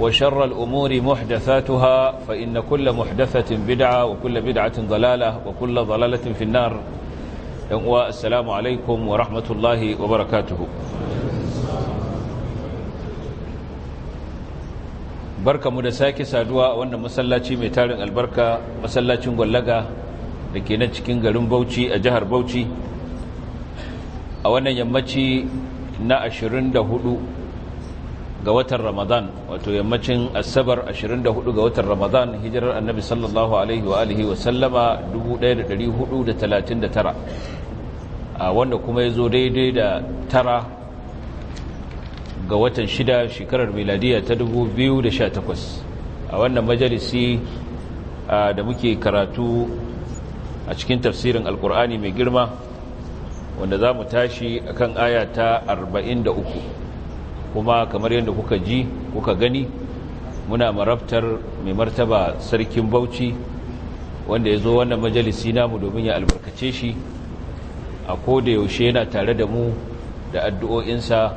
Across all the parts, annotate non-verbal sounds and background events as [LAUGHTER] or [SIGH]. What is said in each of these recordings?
وشر الأمور محدثاتها فإن كل محدثة بدعة وكل بدعة ضلالة وكل ضلالة في النار السلام عليكم ورحمة الله وبركاته barka mu da sake saduwa a wannan masallaci mai tarin albarka masallacin gwallaga da ke na cikin garin bauchi a jihar bauchi a wannan yammaci na hudu. ga watan ramadan wato yammacin asabar 24 ga watan ramadan hijirar annabi sallallahu alaihi wa alihi wa sallama 1439 a wanda kuma ya zo daidai da tara ga watan shida shekarar miladiya ta 2018 a wannan majalisi da muke karatu a cikin tafsirin alkur'ani mai girma wanda za mu tashi akan aya ta 43 kuma kamar yadda kuka ji kuka gani muna marabtar mai martaba sarkin bauchi wanda ya zo wannan majalisi namu domin ya albarkace shi a koda yaushe yana tare da mu da addu'o'insa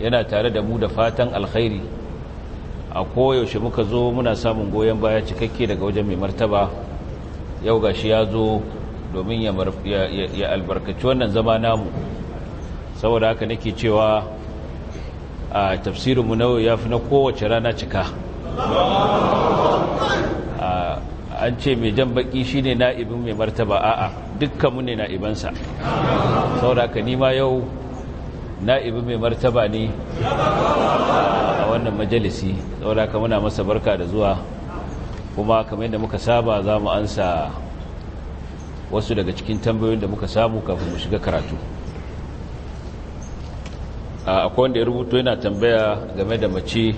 yana tare da mu da fatan alkhairi a yaushe muka zo muna samun goyon baya cikakke daga wajen mai martaba yau ga shi ya zo domin ya albarkaci wannan zama namu saboda haka nake cewa a tafsirin na ya fi na kowace rana cika an ce mai jan baki shine na'ibin mai martaba a'a dukkan mu ne na'ibansa sauraka nima yau na'ibin mai martaba ne a wannan majalisi sauraka muna masa barka da zuwa kuma kamar yadda muka saba za mu ansa wasu daga cikin tambayoyin da muka samu kafin mu shiga karatu akwai wanda ya rubuto yana tambaya game da mace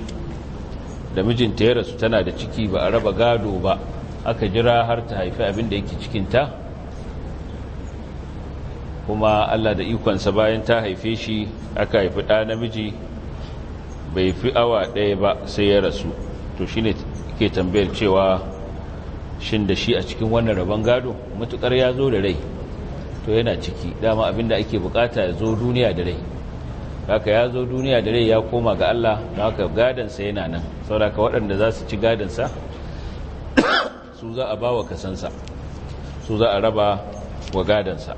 da mijinta ya rasu tana da ciki ba a raba gado ba aka jira har ta haifi abin da yake cikinta kuma allah da ikonsa bayan ta haife shi aka haifi ɗa namiji bai fi awa ɗaya ba sai ya rasu to shi ne ke tambayar cewa shin da shi a cikin wannan rabon gado matukar ya zo da rai to yana ciki dama abin da ake bukata ya zo duniya da rai haka ya zo duniya da rai ya koma ga Allah don haka gadansa yana nan sauraka waɗanda za su ci gadansa su za a ba wa kasansa su za a raba wa gadansa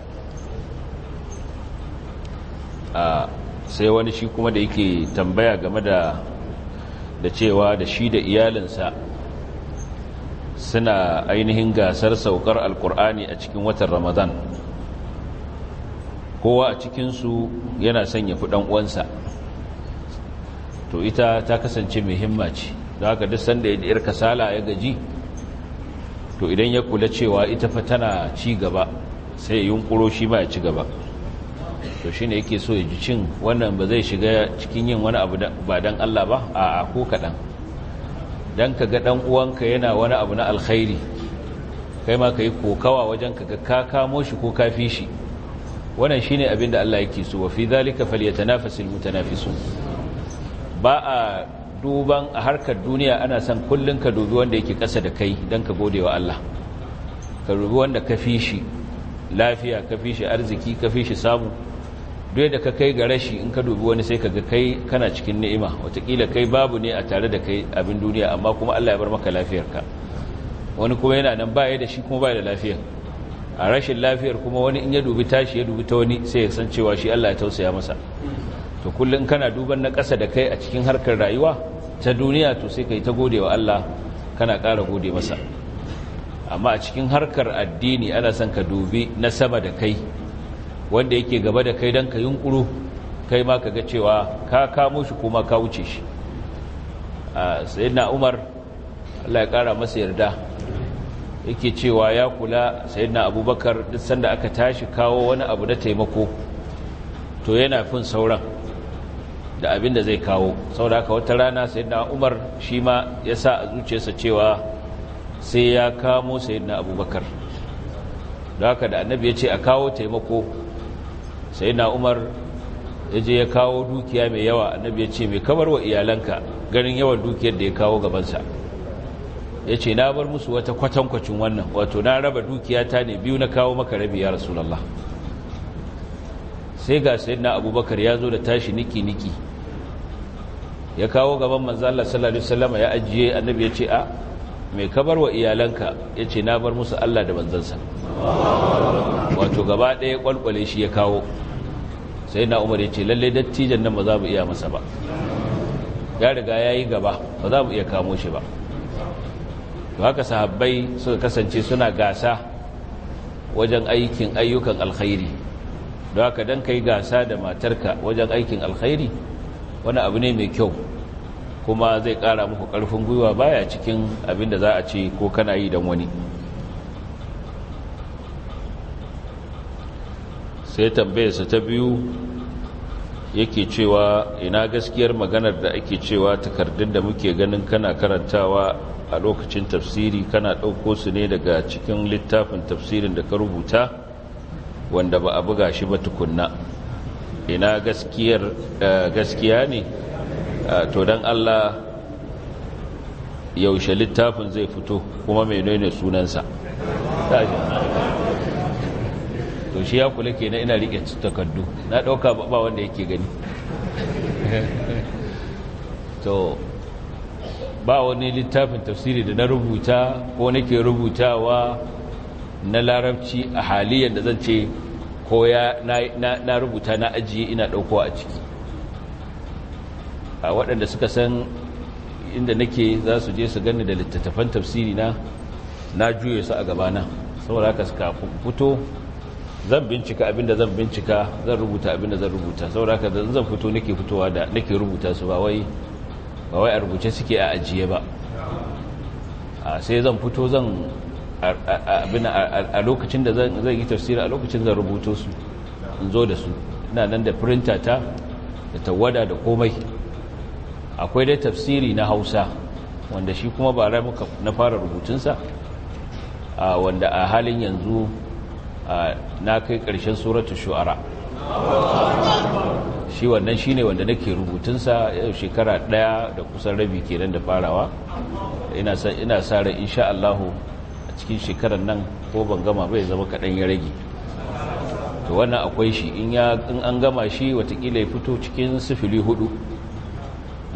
sai wani shi kuma da yake tambaya game da da cewa da shi da iyalinsa suna ainihin gasar saukar alkur'ani a cikin watan ramadan kowa a cikinsu yana son ya fi uwansa to ita ta kasance mai himma ce da haka duk sanda ya ɗiyar kasala ya gaji to idan ya kula cewa ita fa tana ci gaba sai ya yunkuro shi ma ya ci gaba to ne yake so ya ji cin wannan ba zai shiga cikin yin wani abu ba dan Allah ba a ko kaɗan dan ka ga ɗan uwanka yana wani abu na alkhairi kai ma ka yi kokawa wajen ka ga ka kamo shi ko ka fi shi wannan shine abin da Allah yake so wa fi zalika falyatanafasul mutanafisun ba a duban a harkar duniya ana son kullun ka dubi wanda yake kasa da kai dan ka gode wa Allah ka dubi wanda ka fi shi lafiya ka fi shi arziki ka fi shi samu duk da ka kai ga rashi in ka dubi wani sai ka ga kai kana cikin ni'ima wataƙila kai babu ne a tare da kai abin duniya amma kuma Allah ya bar maka ka wani kuma yana nan baya da shi kuma baya da lafiyar a rashin lafiyar kuma wani in ya dubi tashi ya dubi ta wani sai ya san cewa shi Allah ya tausaya masa to kullum kana duban na ƙasa da kai a cikin harkar rayuwa ta duniya to sai kai ta gode wa Allah kana ƙara gode masa amma a cikin harkar addini ana son ka dubi na sama da kai wanda yake gaba da kai don ka yunkuru kai ma ka ga cewa ka kamo shi kuma ka wuce shi sayyidina Umar Allah ya ƙara masa yarda yake cewa ya kula sayyidina abubakar duk sanda aka tashi kawo wani abu na taimako to yana fin sauran da abin da zai kawo saboda haka wata rana sayyidina umar shi ma ya sa a zuciyarsa cewa sai ya kamo sayyidina abubakar da haka da annabi ya ce a kawo taimako sayyidina umar ya je ya kawo dukiya mai yawa annabi ya ce mai kamar wa iyalanka ganin yawan dukiyar da ya kawo gabansa ya ce na bar musu wata kwatankwacin wannan wato na raba dukiyata ne biyu na kawo maka rabi ya rasulallah sai ga na abubakar ya zo da tashi niki-niki ya kawo gaban manzala salari salama ya ajiye annabi ya ce a mai kabar wa iyalanka ya ce na bar musu Allah da manzansa wato gaba ɗaya kwalkwale shi ya kawo sai na umar ya ce lalle dattijan nan ba za mu iya masa ba ya riga ya yi gaba ba za mu iya kamo shi ba to haka sahabbai suka kasance suna gasa wajen aikin ayyukan alkhairi don haka don yi gasa da matarka wajen aikin alkhairi wani abu ne mai kyau kuma zai kara muku karfin gwiwa baya cikin abin da za a ce ko kana yi don wani sai tambayarsa ta biyu yake cewa ina gaskiyar maganar da ake cewa takardun da muke ganin kana karantawa a lokacin tafsiri kana ɗauko su ne daga cikin littafin tafsirin da ka rubuta wanda ba a buga shi ba tukunna ina eh, gaskiya ne eh, to don Allah yaushe littafin zai fito kuma menene sunansa to shi ya kula ke na ina riƙe takardu na ɗauka ba wanda yake gani [LAUGHS] to ba wani littafin tafsiri da na rubuta ko nake rubutawa na larabci a haliyar da zan ce ko na rubuta na ajiye ina ɗauko a ciki a waɗanda suka san inda nake za su je su gani da littattafan tafsiri na na juye su a gabana saboda haka suka fito zan bincika abinda zan bincika zan rubuta abinda zan rubuta saboda haka zan fito nake fitowa da nake rubuta su ba wai ba wai a rubuce suke a ajiye ba sai zan fito zan a lokacin da zai yi tafsiri a lokacin zan rubuto su in zo da su ina nan da printer ta da tawada da komai akwai dai tafsiri na hausa wanda shi kuma ba rai muka na fara rubutunsa wanda a halin yanzu na kai ƙarshen suratun shu'ara shi wannan shi ne wanda nake rubutunsa yau shekara ɗaya da kusan rabi kenan da farawa ina sa in sha Allahu a cikin shekarar nan ko ban gama bai zama kaɗan ya rage to wannan akwai shi in an gama shi watakila ya fito cikin sifili hudu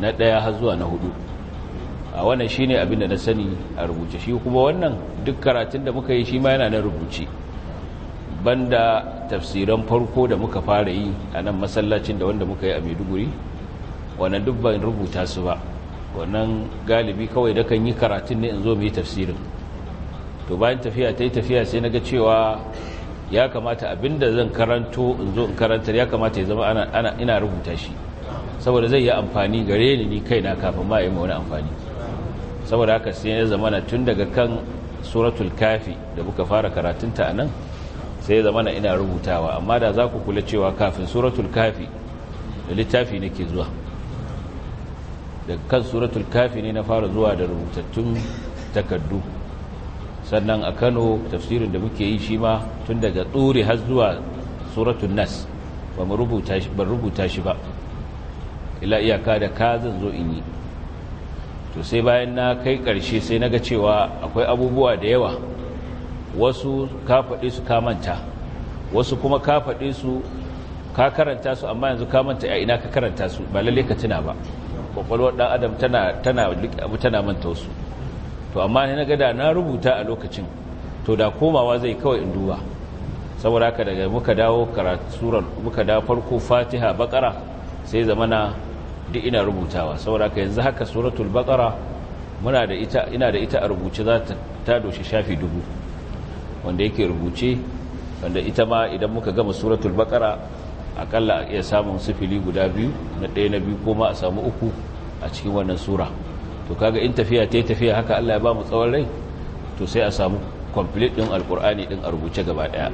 na ɗaya har zuwa na hudu a wannan shi ne abinda na sani a rubuce shi kuma wannan duk karatun da muka yi shi ma yana na rubuce banda tafsiran farko da muka fara yi a nan masallacin da wanda muka yi a maiduguri wannan duk ban rubuta su ba wannan galibi kawai da kan yi karatun ne in zo mai tafsirin to bayan tafiya ta yi tafiya sai na ga cewa ya kamata abinda zan karanto in zo in karantar ya kamata ya zama ana, ina rubuta shi saboda zai yi amfani gare ni ni kaina kafin ma yi wani amfani saboda haka sai ya zama na tun daga kan suratul kafi da muka fara karatunta a nan sai zama na ina rubutawa amma da za ku kula cewa kafin suratul kafi da littafi ke zuwa da kan suratul kafi ne na fara zuwa da rubutattun takardu sannan a kano tafsirin da muke yi shi ma tun daga tsuri har zuwa suratul nas ba mu rubuta shi ba ila iyaka da ka zan zo in yi to sai bayan na kai ƙarshe sai na ga cewa akwai abubuwa da yawa wasu ka faɗi su ka manta wasu kuma ka faɗi su ka karanta su amma yanzu ka manta a ina ka karanta su ba lalle ka tuna ba kwakwalwar ɗan adam tana tana abu tana manta wasu to amma ni na gada na rubuta a lokacin to da komawa zai kawai in duba saboda haka daga muka dawo karatu muka dawo farko fatiha bakara sai zamana duk ina rubutawa saboda haka yanzu haka suratul bakara muna da ita ina da ita a rubuce za ta doshi shafi dubu wanda yake rubuce wanda ita ma idan muka gama suratul baqara akalla iya samun sifili guda biyu na ɗaya na biyu ko a samu uku a cikin wannan sura to kaga in tafiya ta tafiya haka Allah ya ba mu tsawon rai to sai a samu complete din alkur'ani din a rubuce gaba ɗaya.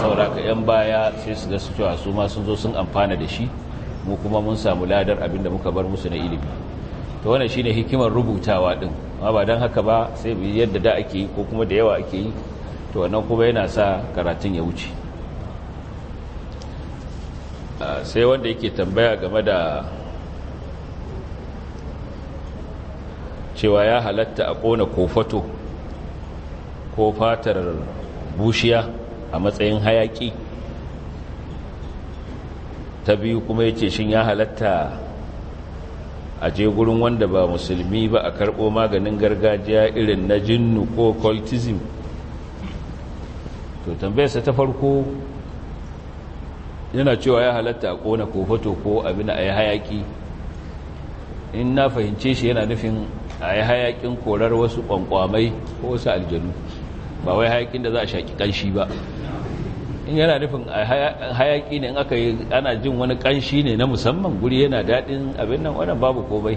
saboda ka yan baya sai su ga su cewa su ma sun zo sun amfana da shi mu kuma mun samu ladar abinda muka bar musu na ilimi to wannan shine hikimar rubutawa din amma ba dan haka ba sai yadda da ake yi ko kuma da yawa ake yi to wannan kuma yana sa karatun ya wuce sai wanda yake tambaya game da cewa ya halatta a ƙona kofato ko fatar bushiya a matsayin hayaƙi ta biyu kuma ya ce shin ya halatta a je gurin wanda ba musulmi ba a karɓo maganin gargajiya irin na jinnu ko cultism to tambayarsa ta farko yana cewa ya halatta a kona ko fato ko abin a yi hayaki in na fahimce shi yana nufin a yi hayakin korar wasu kwankwamai ko wasu aljanu ba wai hayakin da za a shaki kanshi ba in yana nufin hayaki ne in aka yi ana jin wani kanshi ne na musamman guri yana daɗin abin nan wannan babu komai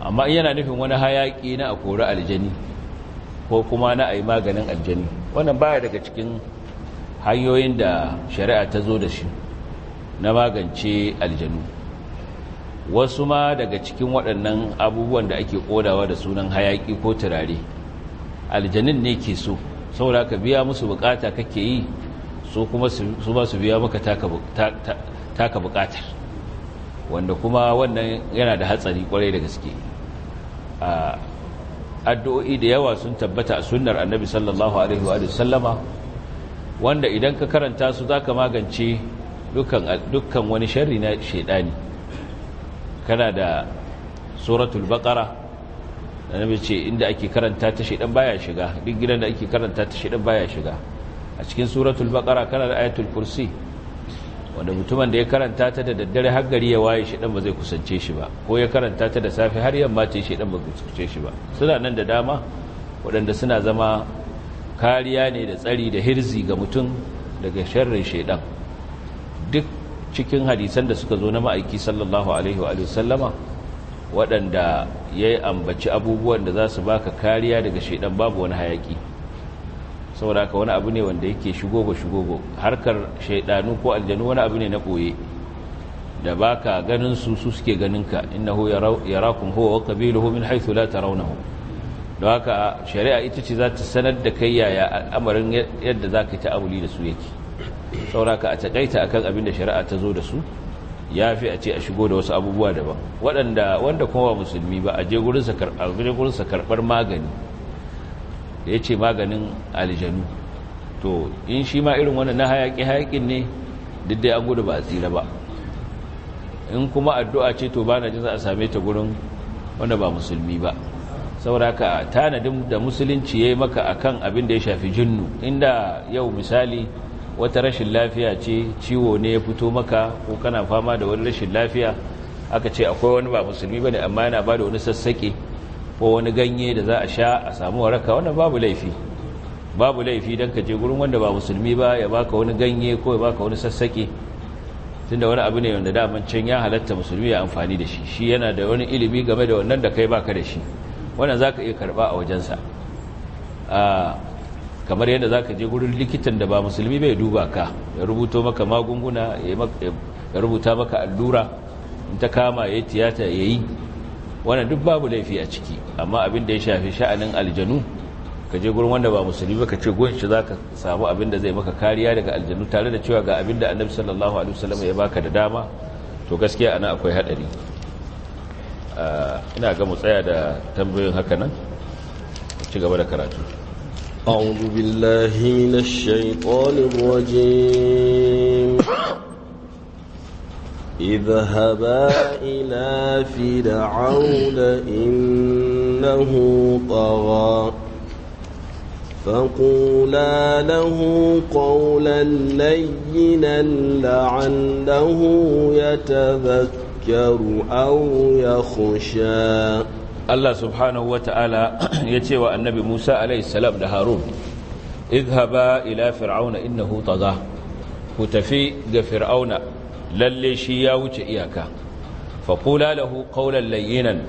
amma in yana nufin wani hayaki na a kori aljani ko kuma na ayi maganin aljani wannan baya daga cikin hanyoyin da shari'a ta zo da shi na magance aljanu wasu ma daga cikin waɗannan abubuwan da ake kodawa da sunan hayaƙi ko turare aljanin ne ke so saboda ka biya musu bukata kake yi su kuma su ba su biya maka taka bukatar wanda kuma wannan yana da hatsari kwarai da gaske ah, addu'o'i da yawa sun tabbata a sunar annabi sallallahu alaihi wa wanda idan ka karanta su za ka magance dukkan wani sharri na shaidani kana da suratul baqara annabi ce inda ake karanta ta shaidan baya shiga duk gidan da ake karanta ta shaidan baya shiga a cikin suratul baqara kana da ayatul kursi wanda mutumin da ya karanta ta da daddare har gari ya waye shi dan ba zai kusance shi ba ko ya karanta ta da safe har yamma ce dan ba kusance shi ba suna nan da dama wadanda suna zama kariya ne da tsari da hirzi ga mutum daga sharrin shedan duk cikin hadisan da suka zo na ma'aiki sallallahu alaihi wa sallama waɗanda ya ambaci abubuwan da za su baka kariya daga shedan babu wani hayaki saboda haka wani abu ne wanda yake shigogo shigogo harkar shaidanu ko aljanu wani abu ne na koye da baka ganin su su suke ganin ka innahu yarakum huwa wa qabiluhu min haythu la tarawnahu don haka shari'a ita ce za ta sanar da kai yaya al'amarin yadda za ka yi ta'amuli da su yake sauraka a takaita akan abin da shari'a ta zo da su ya fi a ce a shigo da wasu abubuwa daban waɗanda wanda kuma ba musulmi ba a je gurinsa karɓar magani da ya ce maganin aljanu to in shi ma irin wannan na hayaƙi hayaƙin ne duk da ya gudu ba a tsira ba in kuma addu'a ce to ba na jin za a same ta gurin wanda ba musulmi ba saura sauraka tanadin da musulunci ya yi maka a kan abin da ya shafi jinnu inda yau misali wata rashin lafiya ce ciwo ne ya fito maka ko kana fama da wani rashin lafiya aka ce akwai wani ba musulmi ba ne amma yana ba da wani sassaƙe ko wani ganye da za a sha a samu waraka wannan babu laifi babu laifi dan ka je gurin wanda ba musulmi ba ya baka wani ganye ko ya baka wani sassaƙe tunda wani abu ne wanda daman can ya halatta musulmi ya amfani da shi shi yana da wani ilimi game da wannan da kai baka da shi wannan za ka iya karɓa a wajensa kamar yadda za ka je gurin likitan da ba musulmi bai duba ka ya rubuto maka magunguna ya rubuta maka allura in ta kama ya yi tiyata ya yi wannan duk babu laifi a ciki amma abin da ya shafi sha'anin aljanu ka je gurin wanda ba musulmi ba ka ce gunshi za ka samu abin da zai maka kariya daga aljanu tare da cewa ga abin da annabi sallallahu alaihi wasallam ya baka da dama to gaskiya ana akwai hadari ina ga mu tsaya da tambayoyin haka nan ci gaba da karatu أعوذ بالله من الشيطان الرجيم اذهبا إلى فرعون إنه طغى فقولا له قولا لينا لعله يتذكر أو يخشى الله سبحانه وتعالى يتوى النبي موسى عليه السلام لهارون اذهبا إلى فرعون إنه طغى وتفي فرعون lalle shi ya wuce iyaka faƙula lahu ƙaunar layinan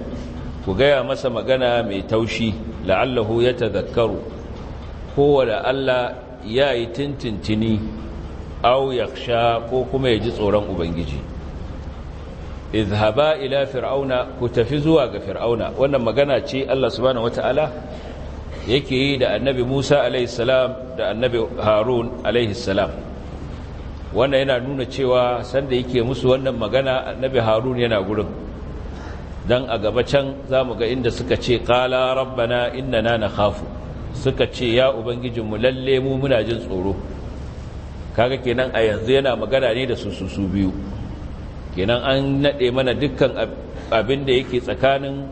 ku gaya masa magana mai taushi la'allahu ya tazakkaru kowane Allah ya yi tintintini au sha ko kuma ya ji tsoron ubangiji izhaba ila fir'auna ku tafi zuwa ga fir'auna wannan magana ce Allah subhanahu wata'ala yake yi da annabi Musa alaihi salam da annabi Harun alaihi salam wannan yana nuna cewa sanda yake musu wannan magana annabi harun yana gurin Don a gaba can za mu ga inda suka ce kala rabbana na hafu suka ce ya ubangijinmu lalle mu muna jin tsoro kaga kenan a yanzu yana magana ne da su su biyu kenan an naɗe mana dukkan abin da yake tsakanin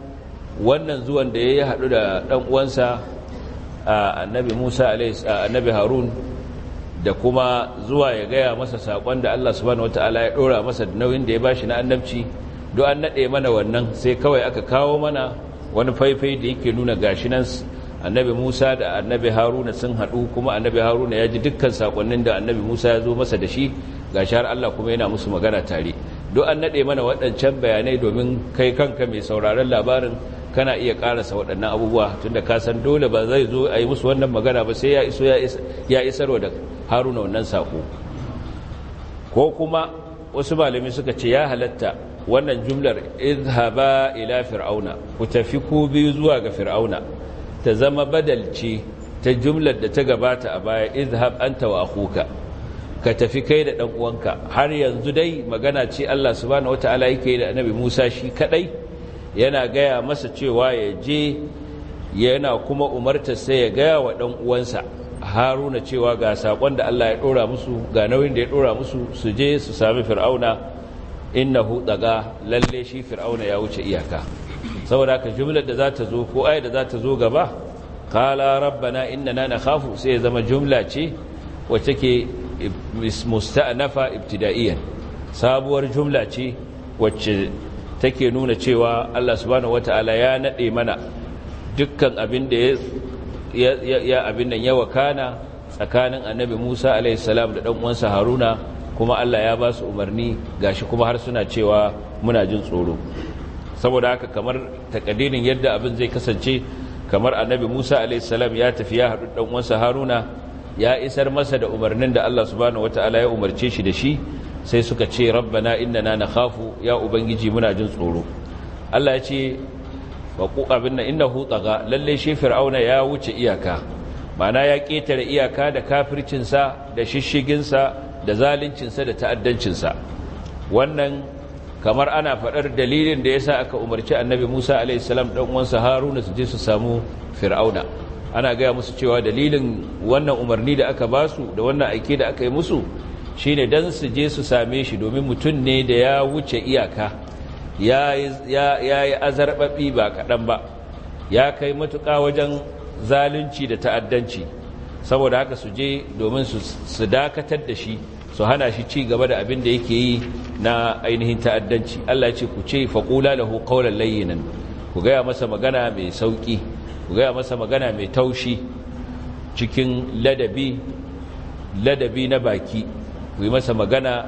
wannan zuwan da ya yi haɗu da ɗan uwansa a Musa annabi Harun da kuma zuwa ya gaya masa saƙon da Allah subhanahu ta'ala ya ɗora masa da nauyin da ya bashi na annabci duk an naɗe mana wannan sai kawai aka kawo mana wani faifai da yake nuna gashi nan annabi Musa da annabi Haruna sun haɗu kuma annabi Haruna ya ji dukkan saƙonnin da annabi Musa ya zo masa da shi gashi har Allah kuma yana musu magana tare Duk an naɗe mana waɗancan bayanai domin kai kanka mai sauraron labarin kana iya karasa waɗannan abubuwa tunda ka san dole ba zai zo a yi musu wannan magana ba sai ya iso ya isarwa da haruna wannan saƙo ko kuma wasu malami suka ce ya halatta wannan jumlar izhaba ila fir'auna ku tafi ku biyu zuwa ga fir'auna ta zama badalci ta jumlar da ta gabata a baya izhab anta wa akhuka ka tafi kai da dan uwanka har yanzu dai magana ce Allah subhanahu wataala yake da annabi Musa shi kadai yana gaya masa cewa ya je yana kuma umarta sai ya gaya wa ɗan uwansa haruna cewa ga saƙon da Allah ya ɗora musu ga nauyin da ya ɗora musu su je su sami fir'auna innahu ga lalle shi fir'auna ya wuce iyaka saboda ka jumlar da za ta zo ko ai da za ta zo gaba kala rabbana na nakhafu sai ya zama jumla ce wacce ke musta'nafa ibtida'iyan sabuwar jumla ce wacce take nuna cewa Allah subhanahu wata'ala ya nade mana dukkan abin da ya ya abin nan ya wakana tsakanin annabi Musa alayhi salam da dan uwansa Haruna kuma Allah ya ba su umarni gashi kuma har suna cewa muna jin tsoro saboda haka kamar takaddirin yadda abin zai kasance kamar annabi Musa alayhi salam ya tafi ya haɗu dan uwansa Haruna ya isar masa da umarnin da Allah subhanahu wataala ya umarce shi da shi sai suka ce rabbana na nakhafu ya ubangiji muna jin tsoro Allah ya ce na abinna innahu taga lalle shi fir'auna ya wuce iyaka Mana ya ketare iyaka da kafircinsa da shishiginsa da zaluncinsa da ta'addancinsa wannan kamar ana faɗar dalilin da ya sa aka umarci annabi Musa alaihi salam dan uwansa Haruna su je su samu fir'auna ana gaya musu cewa dalilin wannan umarni da aka basu da wannan aike da aka yi musu shi ne don su je su same shi domin mutum ne da ya wuce iyaka ya yi azarbaɓi ba kaɗan ba ya kai matuƙa wajen zalunci da ta'addanci saboda haka su je domin su dakatar da shi su hana shi ci gaba da abin da yake yi na ainihin ta'addanci Allah ce ku ce faƙula da qawlan layyinan ku gaya masa magana mai sauƙi ku gaya masa magana mai taushi cikin ladabi ladabi na baki ku yi masa magana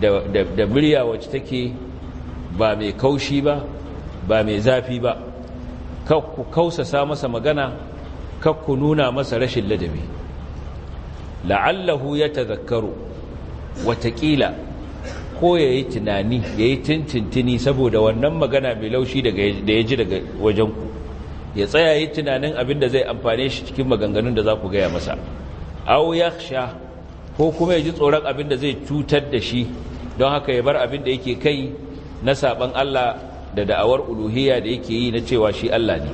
da murya wacce take ba mai kaushi ba ba mai zafi ba ku kausasa masa magana ku nuna masa rashin ladabi la'allahu ya tazakkaru watakila ko ya yi tunani ya yi tintintini saboda wannan magana mai laushi da ya ji daga wajenku ya tsaya yi tunanin abin da zai amfane shi cikin maganganun da za ku gaya masa au ya sha ko kuma ya ji tsoron abin da zai cutar da shi don haka ya bar abin da yake kai na saban Allah da da'awar uluhiyya da yake yi na cewa shi Allah ne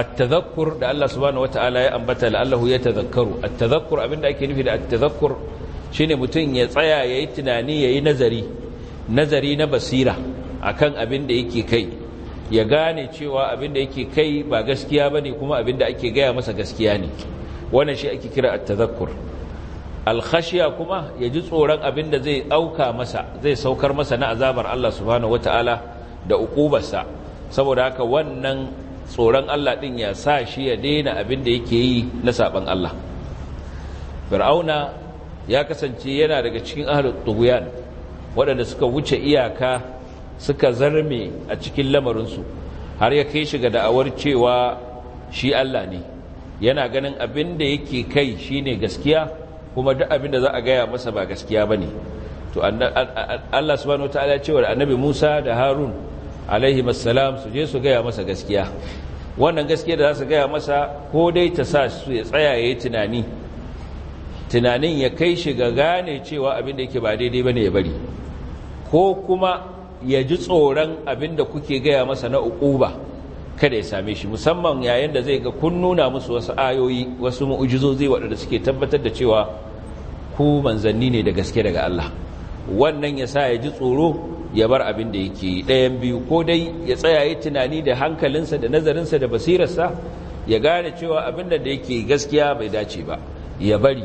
at-tadhakkur da Allah subhanahu wata'ala ya ambata la'allahu yatadhakkaru at-tadhakkur abin da ake nufi da at-tadhakkur shine mutum ya tsaya yayi tunani yayi nazari nazari na basira akan abin da yake kai ya gane cewa abin da yake kai ba gaskiya bane kuma abin da ake gaya masa gaskiya ne wannan shi ake kira at-tadhakkur al-khashiya kuma ya ji tsoron abin da zai auka masa zai saukar masa na azabar Allah subhanahu wataala da uqubarsa saboda haka wannan tsoron Allah din ya sa shi ya daina abin da yake yi na saban Allah fir'auna ya kasance yana daga cikin ahlul tughyan waɗanda suka wuce iyaka suka zarme a cikin lamarinsu har ya kai shi ga da'awar cewa shi Allah ne yana ganin abin da yake kai shine gaskiya kuma duk abin da za a gaya masa ba gaskiya ba ne to Allah subhanahu wataala ya ce wa annabi Musa da Harun alaihi su je su gaya masa gaskiya wannan gaskiya da za su gaya masa ko dai ta sa su ya tsaya yayi tunani tunanin ya kai shi ga gane cewa abin da yake ba daidai ba ne ya bari ko kuma ya ji tsoron abin da kuke gaya masa na ba kada ya same shi musamman yayin da zai ga kun nuna musu wasu ayoyi wasu mu'ujizozi waɗanda suke tabbatar da cewa ku manzanni ne da gaske daga Allah wannan ya sa ya ji tsoro ya bar abin da yake ɗayan biyu ko dai ya tsaya yi tunani da hankalinsa da nazarinsa da basirarsa ya gane cewa abin da yake gaskiya bai dace ba ya bari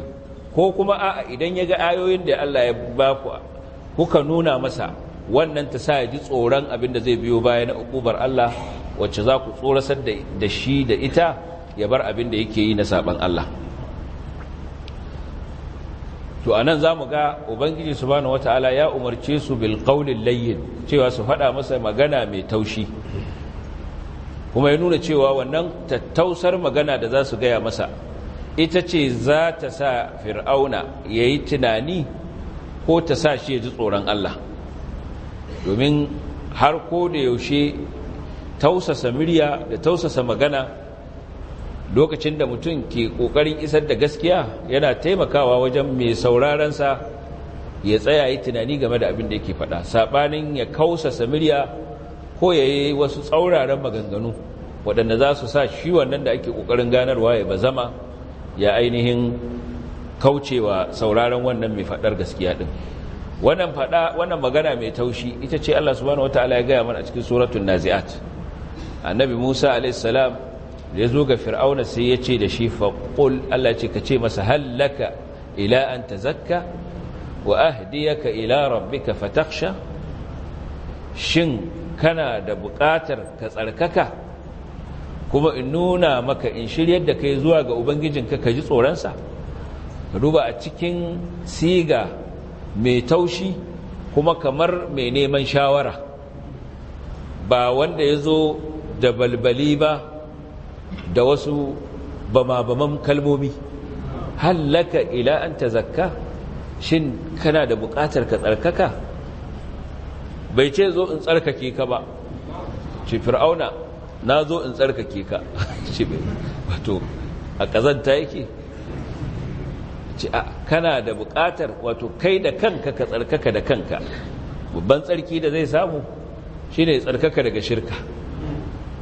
ko kuma a'a idan ya ga ayoyin da Allah ya ba ku kuka nuna masa wannan ta sa ya ji tsoron abin da zai biyo baya na ukubar Allah wacce za ku tsorasar da shi da ita ya bar abin da yake yi na saban Allah to anan za mu ga ubangiji subhanahu wataala ya umarce su bil qawlil layyin cewa su faɗa masa magana mai taushi kuma ya nuna cewa wannan tattausar magana da za su gaya masa ita ce za ta sa fir'auna ya yi tunani ko ta sa shi ya ji tsoron Allah domin har ko da yaushe tausasa murya da tausasa magana lokacin da mutum ke kokarin isar da gaskiya yana taimakawa wajen mai saurarensa ya tsaya yi tunani game da abin da yake faɗa saɓanin ya kausasa mirya ko ya yi wasu tsauraran maganganu waɗanda za su sa shi wannan da ake kokarin ganarwa ya bazama ya ainihin kaucewa sauraron wannan mai faɗar gaskiya ɗin wannan faɗa wannan magana mai taushi ita ce Allah subhanahu wataala ya gaya mana a cikin suratul nazi'at annabi musa alaihissalam ya zo ga fir'auna sai ya ce da shi faƙul allah ce ka ce masa hallaka ila an ahdi wa ahdiyaka ila rabbika fataksha shin kana da buƙatar ka tsarkaka kuma in nuna maka in shiryar da kai zuwa ga ubangijinka ka ji tsoronsa ka duba a cikin siga mai taushi kuma kamar mai neman shawara ba wanda ya zo da balbali ba da wasu bama-baman kalmomi hallaka ila an ta zakka, shin kana da buƙatar ka tsarkaka bai ce zo in tsarkake ka ba ce fir'auna na zo in tsarkake ka ce [LAUGHS] bai wato a kazanta yake ce a kana da buƙatar wato kai da kanka ka tsarkaka da kanka babban tsarki da zai samu shine tsarkaka daga shirka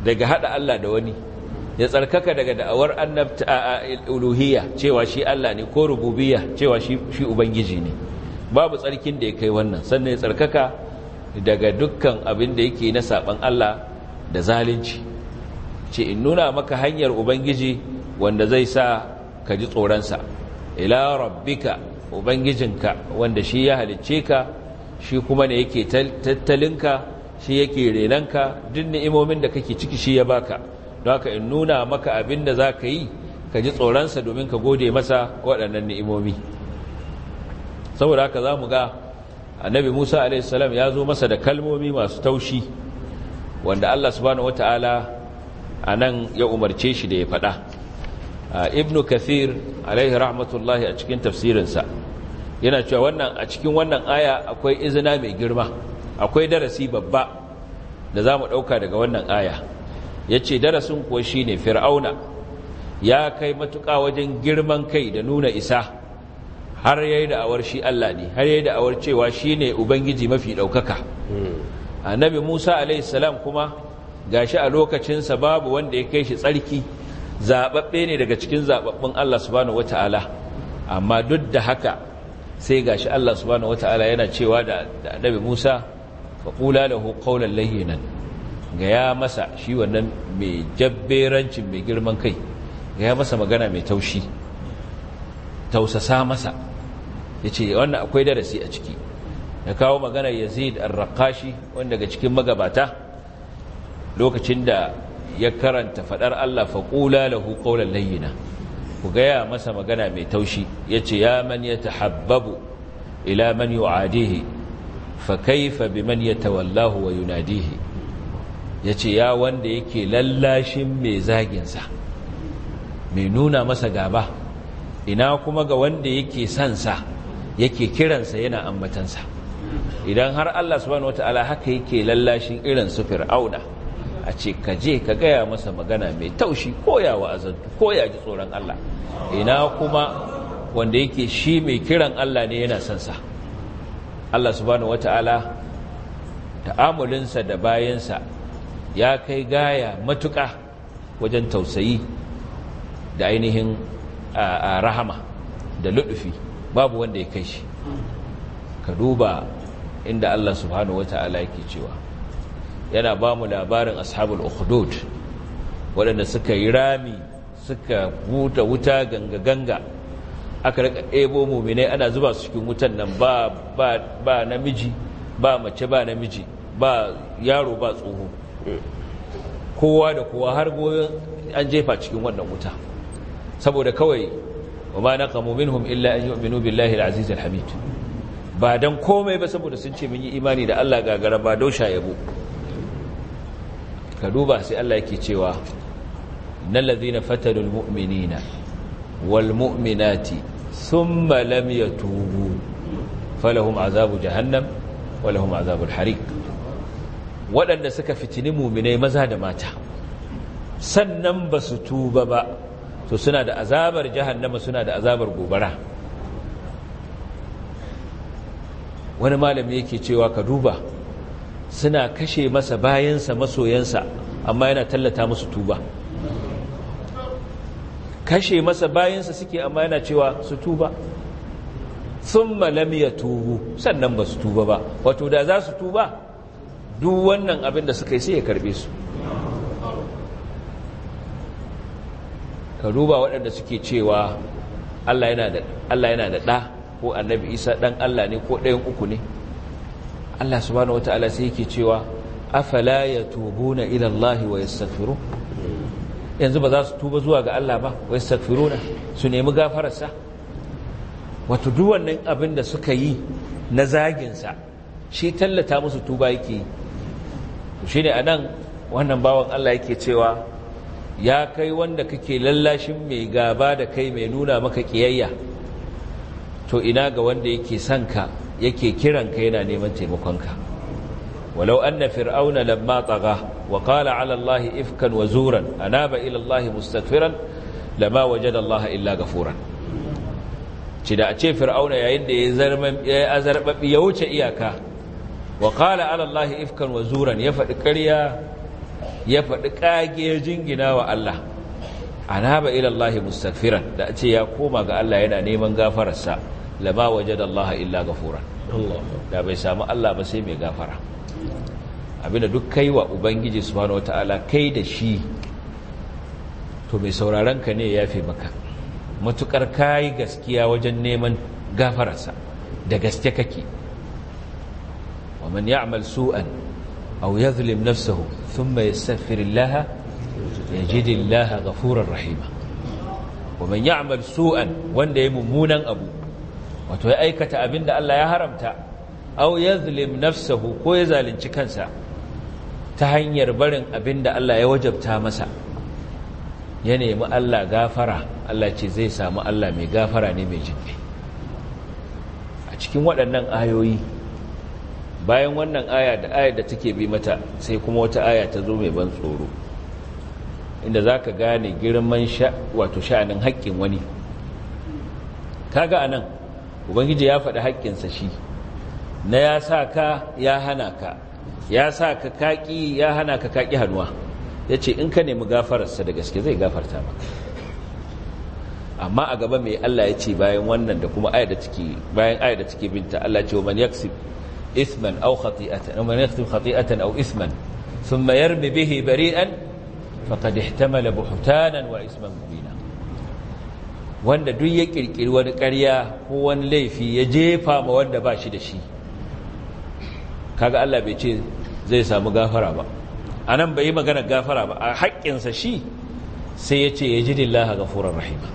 daga hada Allah da wani ya tsarkaka daga da'awar annabta uluhiyya cewa shi Allah ne ko rububiyya cewa shi ubangiji ne babu tsarkin da ya kai wannan sannan ya tsarkaka daga dukkan abin da yake na saban Allah da zalunci ce in nuna maka hanyar ubangiji wanda zai sa ka ji tsoronsa ila rabbika ubangijinka wanda shi ya halicce ka shi kuma ne yake tattalinka shi yake renanka duk ni'imomin da kake ciki shi ya baka don haka in nuna maka abin da za ka yi ka ji tsoronsa domin ka gode masa waɗannan ni'imomi saboda haka za mu ga annabi musa a.s. ya zo masa da kalmomi masu taushi wanda allah subhanahu wata'ala a nan ya umarce shi da ya faɗa ibnu kathir alaihi rahmatullahi a cikin tafsirinsa yana cewa wannan a cikin wannan aya akwai izina mai girma akwai darasi babba da za mu ɗauka daga wannan aya ya ce darasin kuwa shi ne fir'auna ya kai matuƙa wajen girman kai da nuna isa har yayi da'awar shi Allah ne har yayi da'awar cewa shi ne ubangiji mafi ɗaukaka hmm. annabi musa alaihissalam kuma gashi a lokacinsa babu wanda ya kai shi tsarki zaɓaɓɓe ne daga cikin zaɓaɓɓun Allah subhanahu wata'ala amma duk da haka sai gashi Allah subhanahu wata'ala yana cewa da annabi musa faƙula da hukaunan layinan ga ya masa shi wannan mai jabberancin mai girman kai ga ya masa magana mai taushi tausasa masa ya ce wannan akwai darasi a ciki ya kawo magana yazid al-rakashi wanda daga cikin magabata lokacin da ya karanta faɗar allah faƙula da hukaunan na. ku gaya masa magana mai taushi ya ce ya man ya tahabbabu ila man yu'adihi fa kaifa biman yatawallahu wa yunadihi yace ya wanda yake lallashin mai zaginsa. mai nuna masa gaba ina kuma ga wanda yake son sa yake kiransa yana ambatansa idan har Allah subhanahu wataala haka yake lallashin irin su fir'auna a ce ka je ka gaya masa magana mai taushi koya wa azantu koya ji tsoron Allah ina kuma wanda yake shi mai kiran Allah ne yana son sa Allah subhanahu wata'ala ta'amulinsa da bayansa ya kai gaya matuƙa wajen tausayi da ainihin rahama da luɗufi babu wanda ya kai shi ka duba inda Allah subhanahu wata'ala yake cewa yana ba mu labarin ashabul ukhdud waɗanda suka yi rami suka buta wuta ganga-ganga aka rika ebo muminai ana zuba su cikin wutan nan ba ba ba namiji ba mace ba namiji ba yaro ba tsoho kowa da kowa har goyon an jefa cikin wannan wuta saboda kawai wa ma naqamu minhum illa an yu'minu billahi al-aziz al-hamid ba dan komai ba saboda sun ce mun yi imani da Allah gagara ba sha yabo ka duba sai Allah yake cewa na ladina fatanul mu'minina wal mu'minati thumma lam yatubu falahum azabu jahannam wa lahum azabul hariq waɗanda suka fitini mu'minai maza da mata sannan ba su tuba ba to suna da azabar jahannama suna da azabar gobara wani malami yake cewa ka duba suna kashe masa bayansa masoyansa amma yana tallata musu tuba kashe masa bayansa suke amma yana cewa su tuba sun ya tubu sannan ba su tuba ba wato da za su tuba duk wannan abin da suka yi sai ya karbe su ka duba waɗanda suke cewa Allah yana da ɗa ko annabi isa ɗan Allah ne ko ɗayan uku ne Allah subhanahu wata sai yake cewa afala ya tubu na ilallahi wa yastaghfirun yanzu ba za su tuba zuwa ga Allah ba wai sakfiruna su nemi gafararsa wato duk wannan abin da suka yi na zagin sa shi tallata musu tuba yake yi shine anan wannan bawan Allah yake cewa ya kai wanda kake lallashin mai gaba da kai mai nuna maka kiyayya to ina ga wanda yake son ka yake ka yana neman taimakon ka. ولو أن فرعون لما طغى وقال على الله إفكا وزورا أناب إلى الله مستغفرا لما وجد الله إلا غفورا da a ce fir'auna yayin da ya zarbabi ya wuce iyaka wa qala ala allahi ifkan wa zuran ya faɗi ƙarya ya faɗi ƙage jingina wa Allah anaba ila allahi mustaghfiran da a ce ya koma ga Allah yana neman gafararsa lama wajada illa da bai samu Allah ba sai mai gafara abinda duk kai wa ubangiji subhanahu wataala kai da shi to mai sauraron ka ne ya fi maka matukar kai gaskiya wajen neman gafararsa da gaske kake wa man ya'mal su'an aw yadhlim nafsahu thumma yastaghfirillaha yajidillaha ghafurar rahima wa man ya'mal su'an wanda ya mummunan abu wato ya aikata abinda Allah ya haramta aw yazlim nafsahu ko ya zalunci kansa ta hanyar barin abin da Allah ya wajabta masa ya nemi Allah gafara Allah ce zai samu Allah mai gafara ne mai jinƙai a cikin waɗannan ayoyi bayan wannan aya da aya da take bi mata sai kuma wata aya ta zo mai ban tsoro inda za ka gane girman sha wato sha'anin haƙƙin wani kaga a nan ubangiji ya faɗi haƙƙinsa shi na ya sa ka ya hana ka ya sa ka kaƙi ya hana ka kaƙi hannuwa ya ce in ka nemi gafararsa da gaske zai gafarta maka amma a gaba mai Allah ya ce bayan wannan da kuma ayar da take bayan ayar da binta Allah ce man yaksib ithman aw khati'atan man yaksib khati'atan aw ithman thumma yarmi bihi bari'an faqad ihtamala buhtanan wa isman mubina wanda duk ya kirkiri wani ƙarya ko wani laifi ya jefa ma wanda ba shi da shi kaga Allah bai ce zai samu gafara ba a nan bai yi magana gafara ba a haƙƙinsa shi sai ya ce ya ji lillaha furar rahima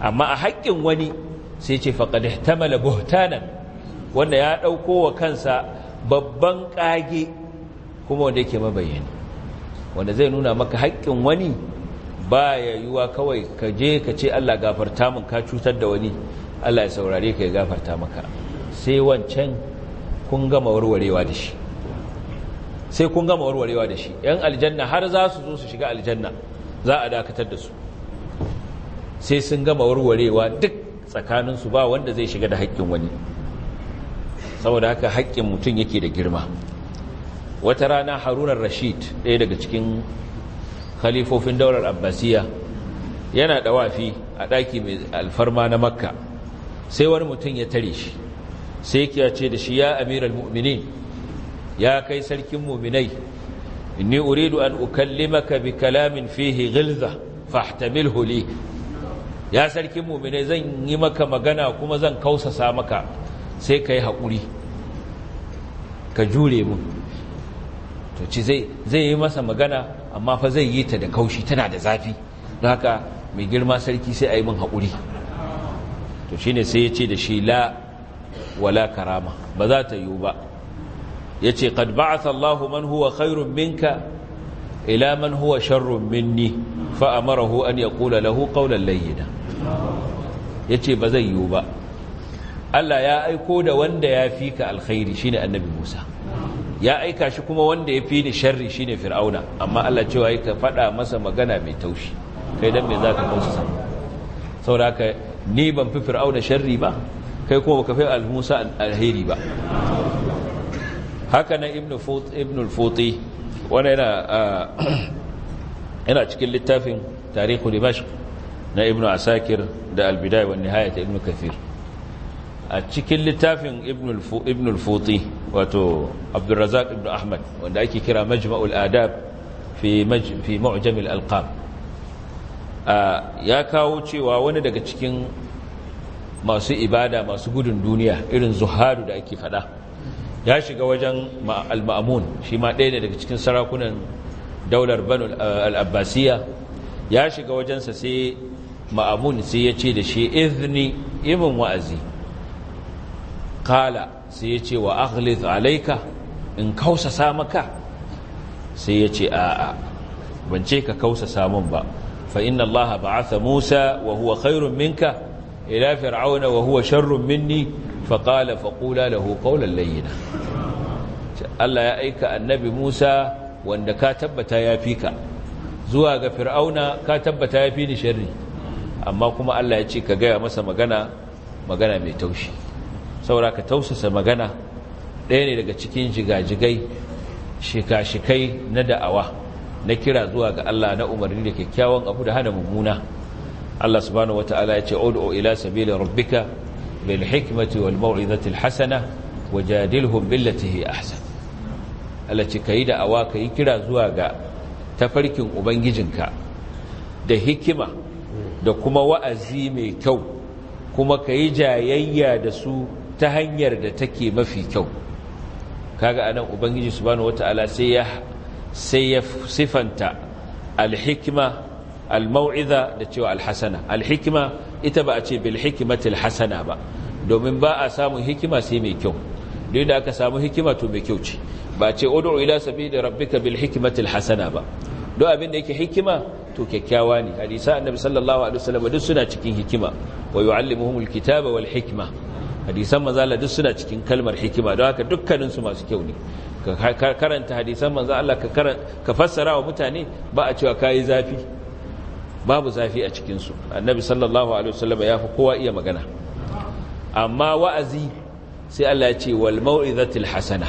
amma a haƙƙin wani sai ce ta mala buhtanan wanda ya ɗauko wa kansa babban ƙage kuma wanda yake mabayyani wanda zai nuna maka haƙƙin wani ba ya wa kawai ka je ka ce Allah gafarta mun ka cutar da wani Allah ya saurare ka ya gafarta maka sai wancan kun gama warwarewa da shi sai kun gama warwarewa da shi yan aljanna har za su zo su shiga aljanna za a dakatar da su sai sun gama warwarewa duk tsakaninsu ba wanda zai shiga da haƙƙin wani saboda haka haƙƙin mutum yake da girma wata rana haruna rashid ɗaya daga cikin khalifofin daular abbasiya yana da wafi a ɗaki mai alfarma na makka sai wani mutum ya tare shi sai ya ce da shi ya amiral mu'minin ya kai sarkin muminai inni uridu an ukallimaka bi kalamin fihi ghilza fahtamilhu li ya sarkin muminai zan yi maka magana kuma zan kausasa maka sai kai haƙuri ka jure mu to ci zai zai yi masa magana amma fa zai yi ta da kaushi tana da zafi don haka mai girma sarki sai a yi min haƙuri to shine sai ya ce da shi la wala karama ba za ta yiwu ba yace qad ba'atha Allahu man huwa khairun minka ila man huwa sharrun minni fa amarahu an yaqula lahu qawlan layyina yace ba zai yiwu ba Allah ya aiko da wanda ya fi ka alkhairi shine annabi Musa ya aika shi kuma wanda ya fi ni sharri shine fir'auna amma Allah cewa ya ka faɗa masa magana mai taushi kai dan me zaka kausa saboda ni ban fi fir'auna sharri ba kai kuma baka fi al-Musa ba haka nan ibn futi yana [CLEARS THROAT] yana cikin littafin tarihu dimashq na ibn asakir da al-bidayah wa nihayat ibn a cikin littafin ibn futi wato abdulrazak ibn ahmad wanda ake kira majma'ul adab fi fi mu'jam ya kawo cewa wani daga cikin masu ibada masu gudun duniya irin zuharu da ake fada ya shiga wajen al-ma'mun shi ma ɗaya ne daga cikin sarakunan daular banu eh, al-abbasiya ya shiga wajensa sai ma'amun sai ya ce da shi izini Ibin wa'azi kala sai ya ce wa akhlith alaika in kausasa maka sai ya ce a'a ban ce ka kausasa mun ba fa inna allaha ba'atha musa wa huwa khairun minka ila fir'auna wa huwa sharrun minni fa qala fa qula lahu qawlan layyina Allah ya aika annabi Musa wanda ka tabbata ya fi ka zuwa ga fir'auna ka tabbata ya fi ni sharri amma kuma Allah ya ce ka gaya masa magana magana mai taushi saura ka tausasa magana ɗaya ne daga cikin jigajigai shika-shikai na da'awa na kira zuwa ga Allah na umarni da kyakkyawan abu da hana mummuna Allah subhanahu wata'ala ya ce ud'u ila sabili rabbika bil hikmati wal mau'izati al hasana wajadilhum billati hi ahsan Allah ce kai da awa yi kira zuwa ga tafarkin ubangijinka da hikima da kuma wa'azi mai kyau kuma kai jayayya da su ta hanyar da take mafi kyau kaga anan ubangiji subhanahu wata'ala sai ya sai ya sifanta al hikma al-mau'iza da cewa al-hasana al-hikma ita ba a ce bil hikmatil hasana ba domin ba a samun hikima sai mai kyau duk da aka samu hikima to mai kyau ce ba a ce ud'u ila sabili rabbika bil hikmatil hasana ba duk abin da yake hikima to kyakkyawa ne hadisa annabi sallallahu alaihi wasallam duk suna cikin hikima wa yuallimuhumul kitaba wal hikma hadisan manzala duk suna cikin kalmar hikima don haka dukkanin su masu kyau ne ka karanta hadisan manzo Allah ka fassara wa mutane ba a cewa kai zafi babu zafi a cikinsu annabi sallallahu alaihi wasallam ya fi kowa iya magana amma wa'azi sai Allah ya ce wal mau'izatil hasana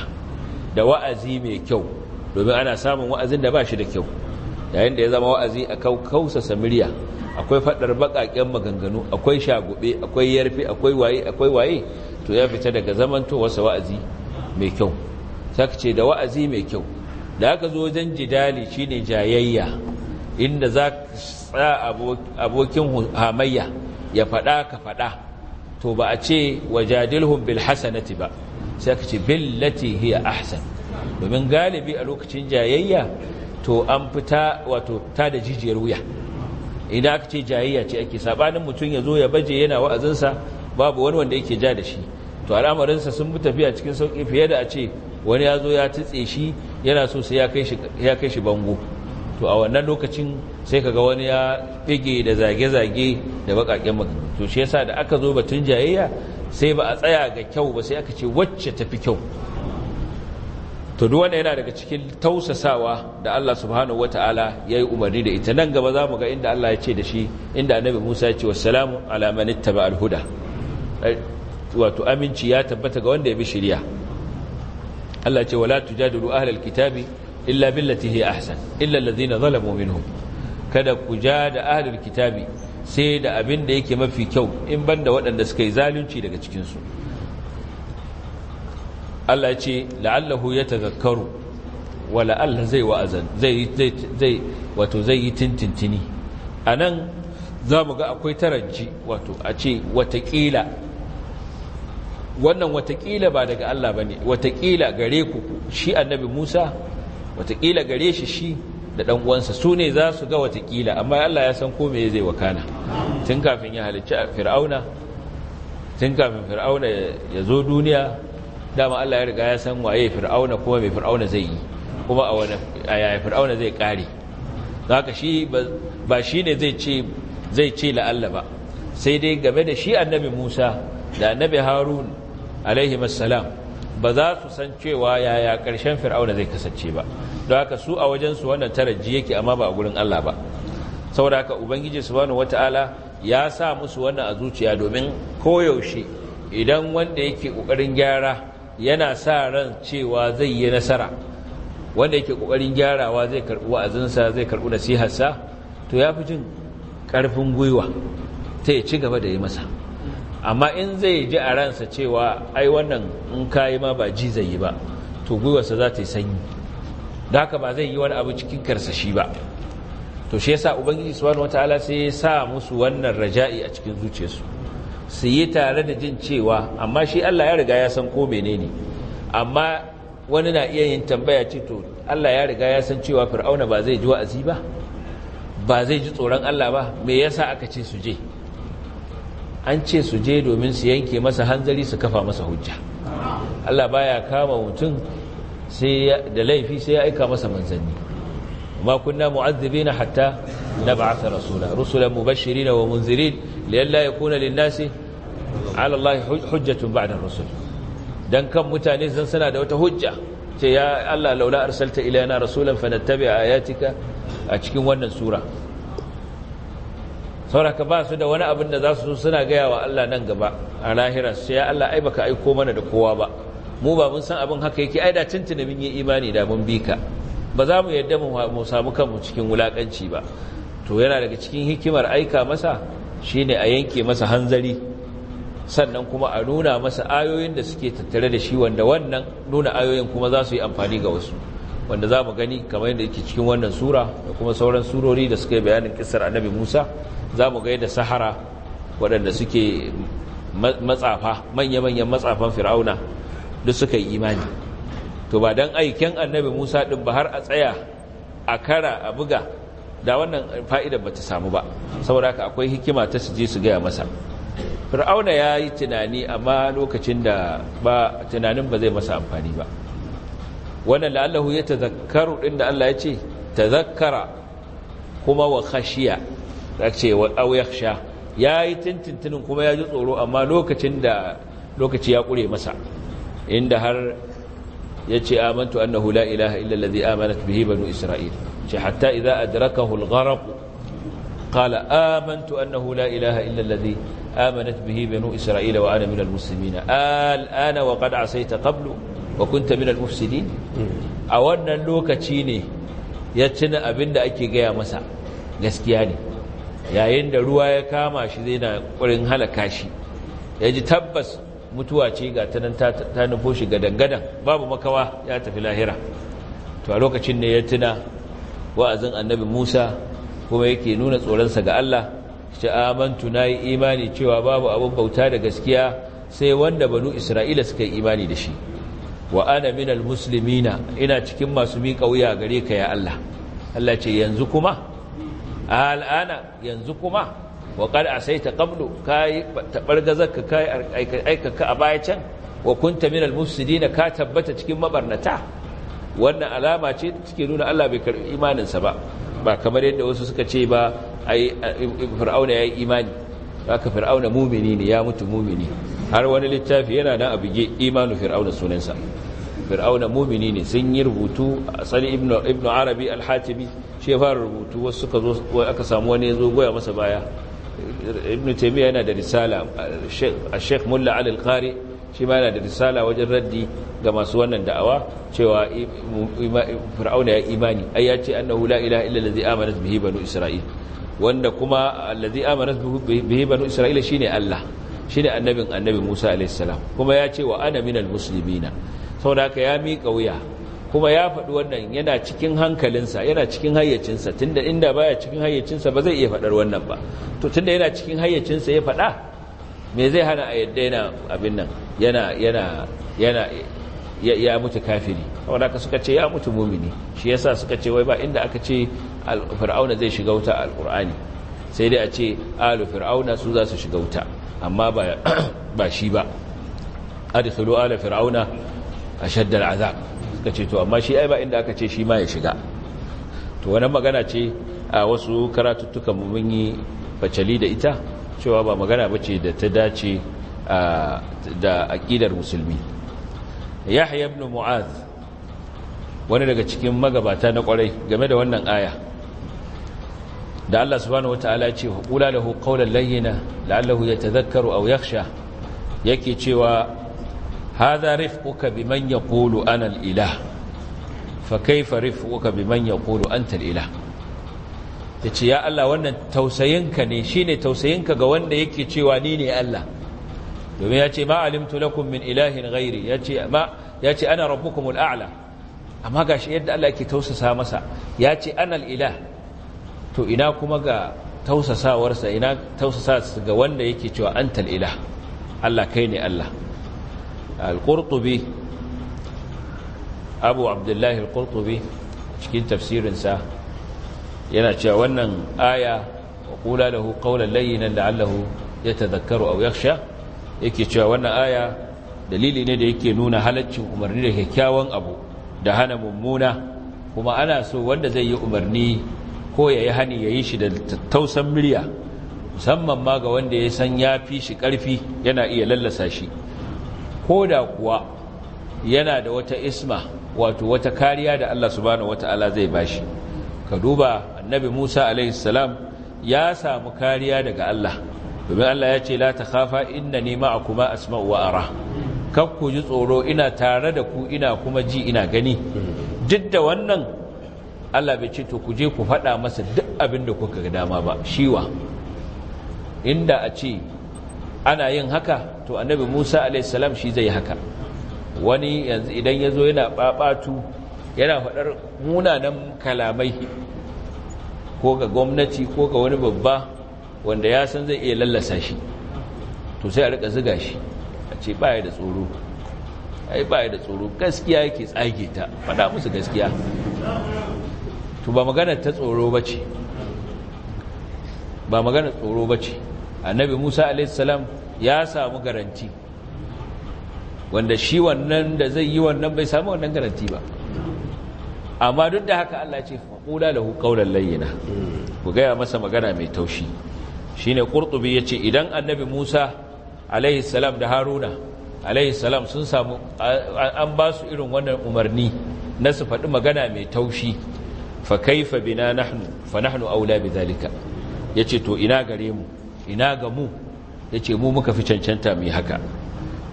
da wa'azi mai kyau domin ana samun wa'azin da ba shi da kyau yayin da ya zama wa'azi a kausa samiriya akwai fadar bakaken maganganu akwai shagube akwai yarfi akwai waye akwai waye to ya fita daga zaman to zamantowarsa wa'azi mai kyau saka ce da wa'azi mai kyau da aka zo wajen jidali shine jayayya inda za tsaya abokin hamayya ya fada ka fada to ba a ce wajadilhum bil hasanati ba sai ka ce billati hiya ahsan domin galibi a lokacin jayayya to an fita wato ta da jijiyar wuya idan aka ce jayayya ce ake sabanin mutum ya zo ya baje yana wa'azinsa babu wani wanda yake ja da shi to al'amarinsa sun bi tafiya cikin sauki fiye da a ce wani ya zo ya tutse shi yana so sai ya kai shi bango to a wannan lokacin sai kaga wani ya bige da zage-zage da bakaken maganganu to shi yasa da aka zo batun jayayya sai ba a tsaya ga kyau ba sai aka ce wacce tafi kyau to duk wanda yana daga cikin tausasawa da Allah subhanahu wataala yayi umarni da ita nan gaba zamu ga inda Allah ya ce da shi inda Annabi Musa ya ce wassalamu ala man ittaba alhuda. wato aminci ya tabbata ga wanda ya bi shari'a Allah ce wala tujadilu ahlal kitabi illa billati hi ahsan illa alladhina zalamu minhum kada ku ja da ahlul kitabi sai da abin da yake mafi kyau in banda waɗanda suka yi zalunci daga cikin su Allah ya ce la'allahu yatazakkaru wa la'alla zai wa'azan zai zai wato zai yi tintintini anan zamu ga akwai taranci wato a ce watakila wannan watakila ba daga Allah bane watakila gare ku shi annabi Musa watakila gare shi shi da dan uwansa su ne za su ga watakila amma Allah ya san ko me zai wakana tun kafin ya halicci fir'auna tun kafin fir'auna ya zo duniya dama Allah ya riga ya san waye fir'auna kuma me fir'auna zai yi kuma a wani yaya fir'auna zai kare ka shi ba shi ne zai ce la'alla ba sai dai game da shi annabi Musa da annabi Harun alaihimassalam. ba za su san cewa yaya ƙarshen fir'auna zai kasance ba don haka su a wajensu wannan taraji yake amma ba a gurin Allah ba saboda haka ubangiji subhanahu wataala ya sa musu wannan a zuciya domin koyaushe idan wanda yake ƙoƙarin gyara yana sa ran cewa zai yi nasara wanda yake ƙoƙarin gyarawa zai karɓi wa'azinsa zai nasihar sa to yafi jin ƙarfin gwiwa ta ya ci gaba da yi masa amma in zai ji a ransa cewa ai wannan in kayi ma ba ji zai yi ba to gwiwarsa za ta yi sanyi da haka ba zai yi wani abu cikin karsashi ba to shi yasa ubangiji subhanahu wataala sai ya sa musu wannan raja'i a cikin zuciyarsu su yi tare da jin cewa amma shi Allah ya riga ya san ko menene amma wani na iya yin tambaya ce to Allah ya riga ya san cewa fir'auna ba zai ji wa'azi ba ba zai ji tsoron Allah ba me yasa aka ce su je an ce su je domin su yanke masa hanzari su kafa masa hujja Allah baya kama mutum da laifi sai ya aika masa manzanni ma kunna na hatta nab'atha rasula rusulan mubashirin wa munzirin liyalla yakuna lin-nasi 'ala Allah hujjatun ba'da ar-rusul dan kan mutane zan sana da wata hujja ce ya Allah laula arsalta ilayna rasulan fanattabi ayatika a cikin wannan sura sauraka ba su da wani abin da za su suna gaya wa Allah nan gaba a lahirar su ya Allah ai baka aiko mana da kowa ba mu ba mun san abin haka yake ai da tuntuni mun yi imani da mun bi ka ba za mu yadda mu samu kanmu cikin wulakanci ba to yana daga cikin hikimar aika masa shine a yanke masa hanzari sannan kuma a nuna masa ayoyin da suke tattare da shi wanda wannan nuna ayoyin kuma za su yi amfani ga wasu wanda za mu gani kamar yadda yake cikin wannan sura da kuma sauran surori da suka yi bayanin kisar annabi musa za mu gaida sahara waɗanda suke matsafa manya-manyan matsafan fir'auna duk suka yi imani to ba don aiken annabi musa ɗin ba har a tsaya a kara a buga da wannan fa'idar ba ta samu ba saboda haka akwai hikima ta su je su gaya masa fir'auna ya yi tunani amma lokacin da ba tunanin ba zai masa amfani ba wannan la'allahu ya tazakkaru din da Allah ya ce tazakkara kuma wa khashiya da ce wa aw yakhsha yayi tintintinin kuma ya ji tsoro amma lokacin da lokaci ya kure masa inda har ya ce amantu annahu la ilaha illa allazi amanat bihi banu isra'il ce hatta idza adrakahu al-gharq qala amantu annahu la ilaha illa allazi amanat bihi banu isra'ila wa ana min al-muslimin al ana wa qad asayta qablu wa kunta minal mufsidi a wannan lokaci ne ya cina abin da ake gaya masa gaskiya ne yayin da ruwa ya kama shi zai na ƙurin halaka shi ya ji tabbas mutuwa ce ga ta nan ta nufo shi gadangadan babu makawa ya tafi lahira to a lokacin ne ya tuna wa'azin annabi musa kuma yake nuna tsoronsa ga allah shi amantu na yi imani cewa babu abin bauta da gaskiya sai wanda banu isra'ila suka yi imani da shi wa ana minal muslimina ina cikin masu miƙa wuya gare ka ya Allah Allah ce yanzu kuma al'ana yanzu kuma wa qad asaita qablu kai tabargazaka kai aikaka a baya can wa kunta minal mufsidina ka tabbata cikin mabarnata wannan alama ce take nuna Allah bai karbi imaninsa ba ba kamar yadda wasu suka ce ba ai fir'auna yayi imani haka fir'auna mumini ne ya mutu mumini har wani littafi yana nan a bige imanu fir'auna sunansa fir'auna mumini ne sun yi rubutu asali ibnu arabi alhatibi hatibi shi fara rubutu wasu suka zo aka samu wani ya zo goya masa baya ibnu taimiyya yana da risala a sheikh mulla al shi ma yana da risala wajen raddi ga masu wannan da'awa cewa fir'auna ya imani ai ya ce annahu la ilaha illa allazi amanat bihi banu isra'il wanda kuma allazi amanat bihi banu isra'ila shine Allah shi ne annabin annabi musa alaihissalam kuma ya ce wa ana minal musulmina sau da ya miƙa wuya kuma ya faɗi wannan yana cikin hankalinsa yana cikin hayyacinsa tunda inda baya cikin hayyacinsa ba zai iya faɗar wannan ba to tunda yana cikin hayyacinsa ya faɗa me zai hana a yadda yana abin nan yana ya, mutu kafiri da ka suka ce ya mutu mumini shi yasa suka ce wai ba inda aka ce fir'auna zai shiga wuta alqur'ani sai dai a ce alu su za su shiga wuta amma [CLEARS THROAT] ba shi ba adkhulu ala fir'auna shaddar al'azab suka ce to amma shi ai ba inda aka ce shi ma ya shiga to wannan magana ce a wasu karatuttukan mu mun yi bacali da ita cewa ba magana ce da ta dace da aƙidar musulmi yahya ibn mu'az wani daga cikin magabata na kwarai game da wannan aya da Allah subhanahu wataala ce qula lahu qawlan layyina la'allahu yatadhakkaru aw yakhsha yake cewa hadha rifquka biman yaqulu ana al-ilah fa kayfa rifquka biman yaqulu anta al-ilah yace ya Allah wannan tausayinka ne shine tausayinka ga wanda yake cewa ni ne Allah domin yace ma alimtu lakum min ilahin ghairi yace ma yace ana rabbukumul a'la amma gashi yadda Allah yake tausasa masa yace ana al-ilah to ina kuma ga tausasawarsa ina tausasa ga wanda yake cewa antal ilah Allah kai ne Allah al-qurtubi abu abdullahi al-qurtubi cikin tafsirinsa yana cewa wannan aya wa qula lahu qawlan layyinan la'allahu yatadhakkaru aw yakhsha yake cewa wannan aya dalili ne da yake nuna halaccin umarni da kyakkyawan abu da hana mummuna kuma ana so wanda zai yi umarni ko ya yi hani ya yi shi da tattausan murya musamman ma ga wanda ya san ya fi shi ƙarfi yana iya lallasa shi ko da kuwa yana da wata isma wato wata kariya da Allah subhanahu wata'ala zai bashi ka duba annabi Musa alaihi ya samu kariya daga Allah domin Allah ya ce la takhafa innani ma'akuma asma'u wa ara kakku ku ji tsoro ina tare da ku ina kuma ji ina gani duk da wannan Allah bai ce to ku je ku faɗa masa duk abin da kuka ga dama ba shiwa inda a ce ana yin haka to annabi Musa alaihi salam shi zai haka wani yanzu idan ya zo yana ɓaɓatu yana faɗar munanan kalamai ko ga gwamnati ko ga wani babba wanda ya san zai iya lallasa shi to sai a rika ziga shi a ce baya da tsoro ai baya da tsoro gaskiya yake tsage ta faɗa musu gaskiya to ba magana ta tsoro ba ce ba magana tsoro ba ce annabi Musa alaihi ya samu garanti wanda shi wannan da zai yi wannan bai samu wannan garanti ba amma duk da haka Allah ce faƙula lahu qawlan layyana ku gaya masa magana mai taushi Shi ne shine ya ce idan annabi Musa alaihi da Haruna alaihi sun samu an ba su irin wannan umarni na su faɗi magana mai taushi fa kaifa bina nahnu fa nahnu aula bidhalika yace to ina gare mu ina ga mu yace mu muka fi cancanta mu haka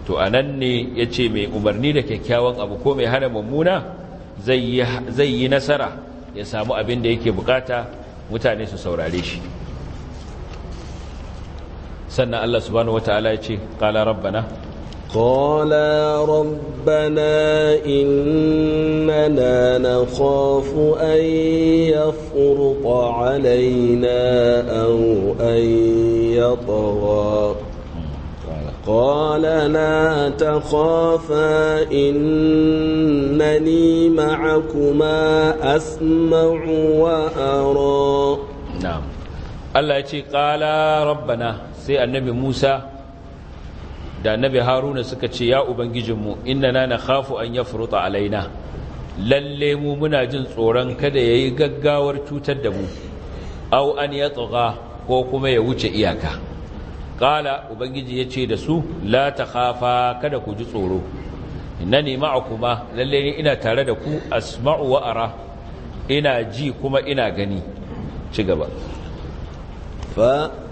to anan ne yace mai umarni da kyakkyawan abu ko mai hana mummuna zai yi nasara ya samu abin da yake bukata mutane su saurare shi sannan Allah subhanahu wataala yace qala rabbana قالا ربنا إننا نخاف أن يفرط علينا أو أن يطغى قال لا تخافا إنني معكما أسمع وأرى نعم الله يقول قال ربنا سي النبي موسى da annabi haruna suka ce ya ubangijinmu inna na na khafu an ya furuta alaina lalle mu muna jin tsoron kada ya yi gaggawar cutar da mu au an ya tsoga ko kuma ya wuce iyaka ƙala ubangiji ce da su la ta takhafa kada ku ji tsoro na a kuma lalle ne ina tare da ku asma'u wa ara ina ji kuma ina gani ci gaba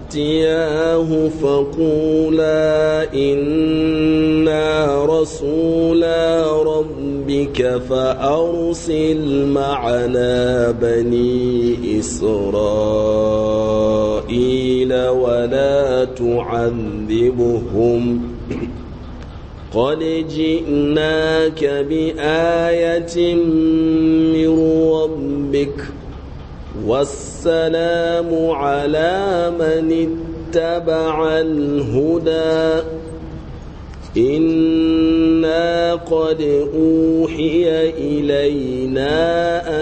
فأتياه فقولا إنا رسولا ربك فأرسل معنا بني إسرائيل ولا تعذبهم قد جئناك بآية من ربك ۖ والسلام على من اتبع الهدى إنا قد أوحي إلينا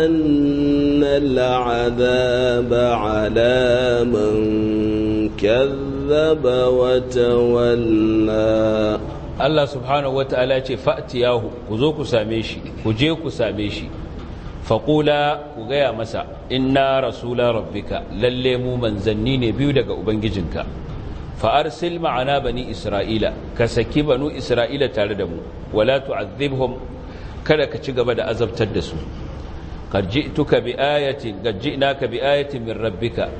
أن العذاب على من كذب وتولى Allah subhanahu wa ta'ala ce fa'tiyahu ku zo ku same shi ku je ku same shi faƙula ku gaya masa inna rasula rabbika lalle mu manzanni ne biyu daga ubangijinka fa'arsil ma'ana bani isra'ila ka saki banu isra'ila tare da mu wala tu'adhibhum kada ka ci gaba da azabtar da su karji'tuka bi ayatin bi ayatin min rabbika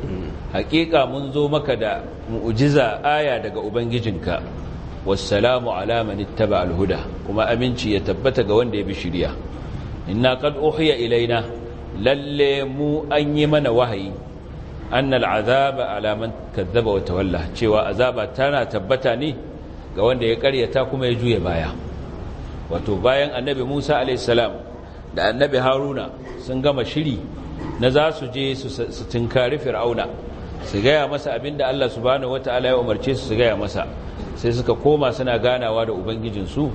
haƙiƙa mun zo maka da mu'ujiza aya daga ubangijinka wassalamu ala man ittaba al kuma aminci ya tabbata ga wanda ya bi shiriya inna qad uhiya ilaina lalle mu an yi mana wahayi annal azaba ala man kadzaba wa tawalla cewa azaba tana tabbata ne ga wanda ya karyata kuma ya juye baya wato bayan annabi Musa alayhi salam da annabi Haruna sun gama shiri na za su je su tinkari fir'auna su gaya masa abinda Allah subhanahu wataala ya umarce su su gaya masa sai suka koma suna ganawa da ubangijinsu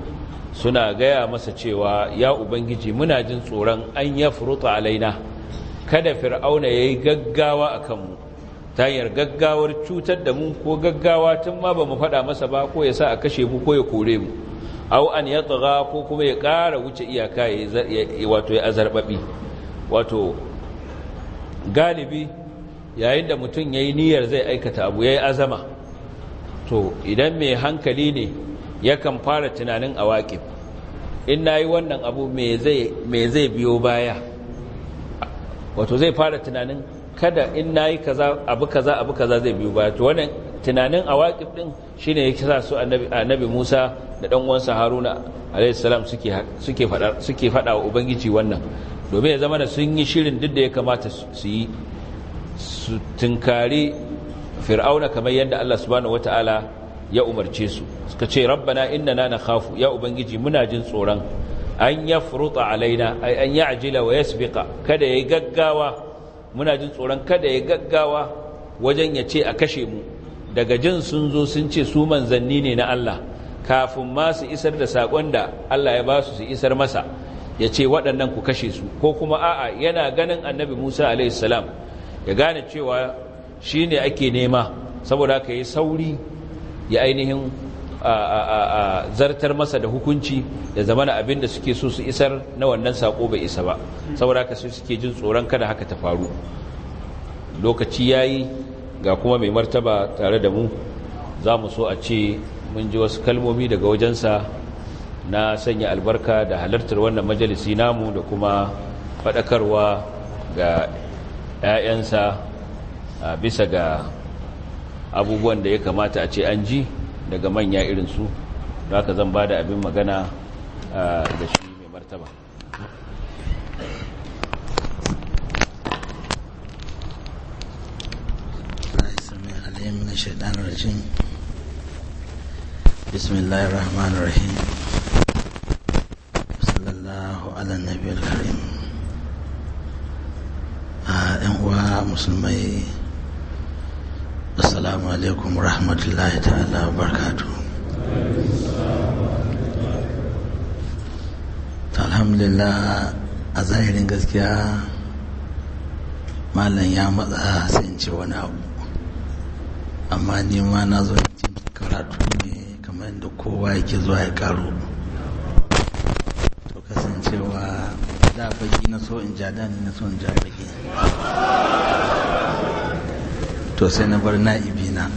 suna gaya masa cewa ya ubangiji muna jin tsoron an ya furuta alaina kada fir'auna ya yi gaggawa a kanmu ta hanyar gaggawar cutar da mu ko gaggawa tun ma ba mu faɗa masa ba ko ya sa a kashe mu ko ya kore mu au an ya tsaga ko kuma ya ƙara wuce iyaka wato ya azarbaɓi wato galibi yayin da mutum ya yi niyyar zai aikata abu ya yi azama to idan mai hankali ne yakan fara tunanin awaƙib in na yi wannan abu me zai biyo baya wato zai fara tunanin kada in na yi abu kaza abu kaza zai biyo baya to wannan tunanin a waƙif ɗin shi ne ya kira su annabi musa da ɗan'uwansa haruna alaihissalam suke faɗa wa ubangiji wannan domin ya zama da sun yi shirin duk da ya kamata su yi su tunkari fir'auna kamar yadda allah subhanahu wata'ala ya umarce su suka ce rabbana na khafu ya ubangiji muna jin tsoron an furuta alaina ay an ajila wa yasbiqa kada yayi gaggawa muna jin tsoron kada yayi gaggawa wajen ya ce a kashe mu daga jin sun zo sun ce su manzanni ne na Allah kafin ma su isar da sakon da Allah ya ba su su isar masa ya ce waɗannan ku kashe su ko kuma a'a yana ganin annabi Musa alaihi salam ya gane cewa shine ake nema saboda ka yi sauri ya ainihin zartar masa da hukunci da zamana abin da suke so su isar na wannan sako bai isa ba saboda haka suke jin tsoron kada haka ta faru lokaci yayi ga kuma mai martaba tare da mu za mu so a ce mun ji wasu kalmomi daga wajensa na sanya albarka da halartar wannan majalisi namu da kuma faɗakarwa ga 'ya'yansa bisa ga abubuwan da ya kamata a ce an ji daga manya irin su da ka zan ba da abin magana da shi mai martaba بسم الله الرحمن الرحيم صلى الله على النبي الكريم 'yan uwa musulmai assalamu alaikum rahmatullahi ta'ala barkatu alhamdulillah a zahirin gaskiya malam ya matsa sai ce wani abu amma ni ma na zo karatu ne kamar yadda kowa yake zuwa ya karo to kasancewa da baki na so in ja da ni na so in ja baki to sai na bar na'ibi na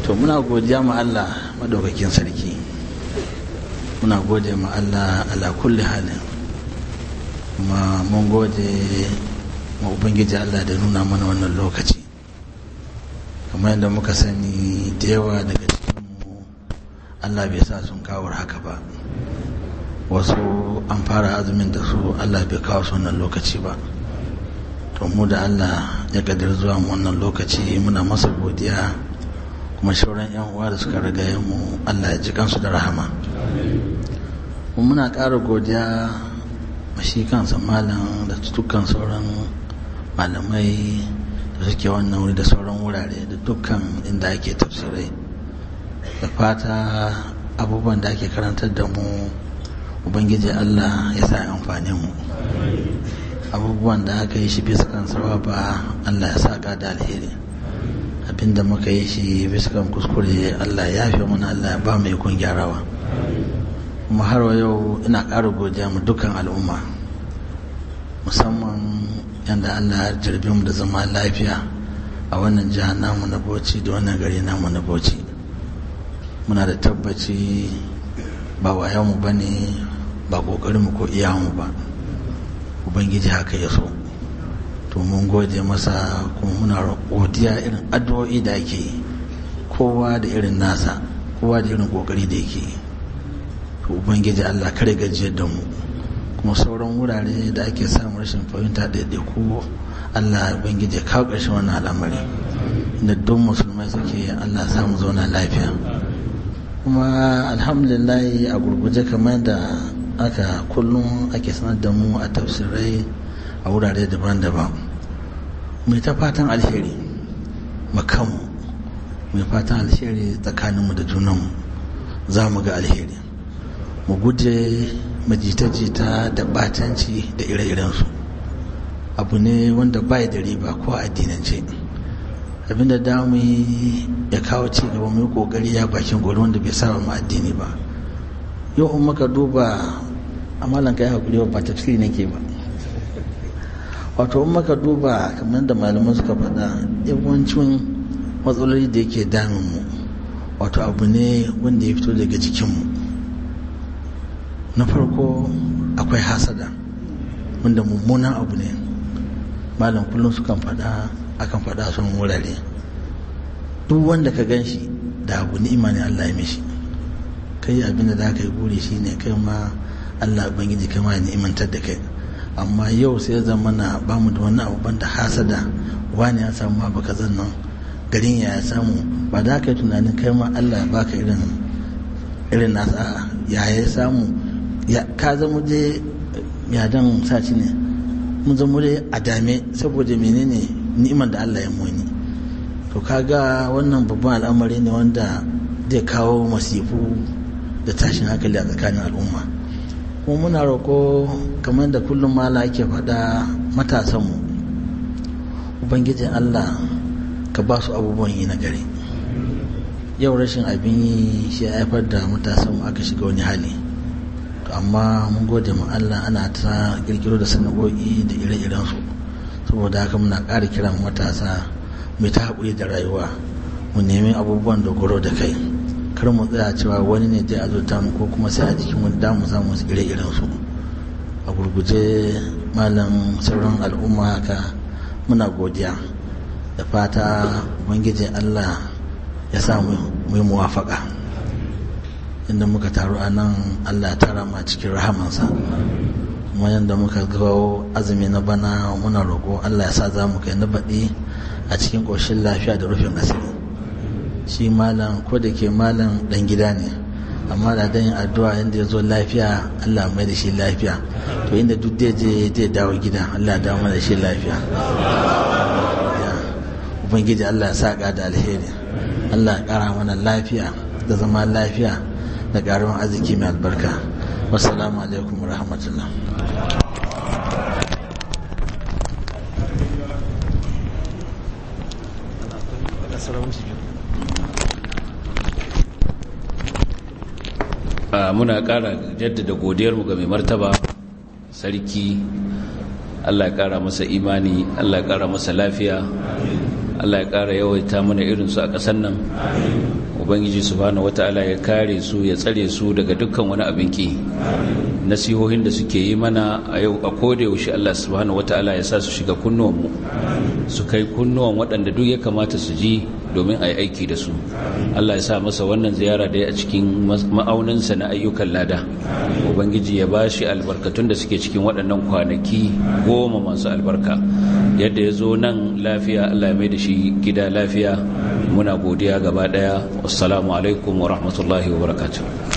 to muna godiya ma Allah madaukakin sarki muna gode ma Allah ala kulli halin kuma mun gode ma ubangiji Allah da nuna mana wannan lokaci kamar yadda muka sani da yawa daga cikinmu Allah bai sa sun kawo haka ba wasu an fara azumin da su Allah bai kawo su wannan lokaci ba to mu da allah ya kadar zuwa wannan lokaci muna masa godiya kuma shauran yan uwa da suka riga mu allah ya ji kansu da rahama muna ƙara godiya shi kansa malam da dukkan sauran malamai da suke wannan wuri da sauran wurare da dukkan inda ake tafsirai da fata abubuwan da ake karantar da mu ubangiji allah ya sa amfanin mu abubuwan da aka yi shi bisa kan sababa Allah ya saka da alheri abinda muka yi shi bisa kan kuskure Allah ya fi mana Allah ya ba mu ikon gyarawa kuma har yau ina ƙara godiya mu dukkan al'umma musamman yadda Allah ya jirbi mu da zama lafiya a wannan jihar namu na Bauchi da wannan gari namu na Bauchi muna da tabbaci ba wayanmu ba ne ba ƙoƙarinmu ko iyawanmu ba ubangiji haka ya so to mun gode masa kuma muna godiya irin addu'o'i da ake yi kowa da irin nasa kowa da irin kokari da yake to ubangiji allah kare gajiyar da mu kuma sauran wurare da ake samun rashin fahimta da ko allah ubangiji ya kawo ƙarshen wannan al'amari da duk musulmai suke allah samu zauna lafiya kuma alhamdulillah a gurguje kamar da aka kullum ake sanar da mu a tafsirai a wurare daban-daban mai ta fatan alheri makamu mai fatan alheri tsakaninmu da junanmu za mu ga alheri mu guje majita-jita da batanci da ire-irensu abu ne wanda bai da riba ko addinance abinda damu ya kawo ci gaba mai yi kokari ya bakin gori wanda bai saba mu addini ba yau in maka duba a malan kai haƙuri ba tafsiri ke ba wato in maka duba kamar da malamin suka faɗa yawancin matsaloli da yake damun mu wato abu ne wanda ya fito daga jikinmu na farko akwai hasada wanda mummunan abu ne malam kullum sukan faɗa akan faɗa sun wurare duk wanda ka gan shi da abu ni'ima ne Allah ya mishi kai abin da za ka yi buri shine kai ma Allah ubangiji kai ma ya ni'imantar da kai amma yau sai zama na ba mu da wani abu banda hasada wani ya samu ma baka zan nan garin ya samu ba za ka yi tunanin kai ma Allah ya baka irin irin nasa ya ya samu ka zama je ya dan shi ne mun zama dai a dame saboda menene ni'imar da Allah ya muni to kaga wannan babban al'amari ne wanda zai kawo masifu da tashin hankali a tsakanin al'umma kuma muna roƙo kamar da kullum mala ake faɗa matasanmu ubangijin allah ka ba su abubuwan yi na gari yau rashin abin yi shi ya haifar da matasanmu aka shiga wani hali to amma mun gode ma allah ana ta kirkiro da sana'o'i da ire-irensu saboda haka muna ƙara kiran matasa mai ta haƙuri da rayuwa mu nemi abubuwan dogaro da kai kar mu tsaya cewa wani ne zai azurta mu ko kuma sai a jikin wani damu za mu ire iren su a gurguje malam sauran al'umma haka muna godiya da fata ubangiji allah ya sa mu yi muwafaka inda muka taru a nan allah ya tara ma cikin rahamansa kuma yadda muka kawo azumi na bana muna roƙo allah ya sa za mu kai na baɗi a cikin ƙoshin lafiya da rufin asiri shi malam ko da ke malam dan gida ne amma da dan addu'a yanda ya zo lafiya Allah mai da shi lafiya to inda duk da je zai dawo gida Allah mai da shi lafiya ubangiji Allah ya saka da alheri Allah ya kara mana lafiya da zama lafiya da karuwan arziki mai albarka wassalamu alaikum wa rahmatullah Assalamu alaikum. muna ƙara jaddada godiyarmu ga mai martaba sarki allah ya ƙara masa imani allah ya ƙara masa lafiya allah ya ƙara yawaita mana irinsu a ƙasar nan ubangiji subhanahu wata'ala ya kare su ya tsare su daga dukkan wani abin ki nasihohin da suke yi mana a yau a koda yaushe allah subhanahu wata'ala ya sa su shiga kunnuwanmu su kai kunnuwan waɗanda duk ya kamata su ji domin a yi aiki da su Allah ya sa masa wannan ziyara da a cikin ma'auninsa na ayyukan lada ubangiji ya bashi albarkatun da suke cikin waɗannan kwanaki goma masu albarka yadda ya zo nan lafiya Allah ya mai da shi gida lafiya muna godiya gaba ɗaya assalamu alaikum wa rahmatullahi wa barakatuh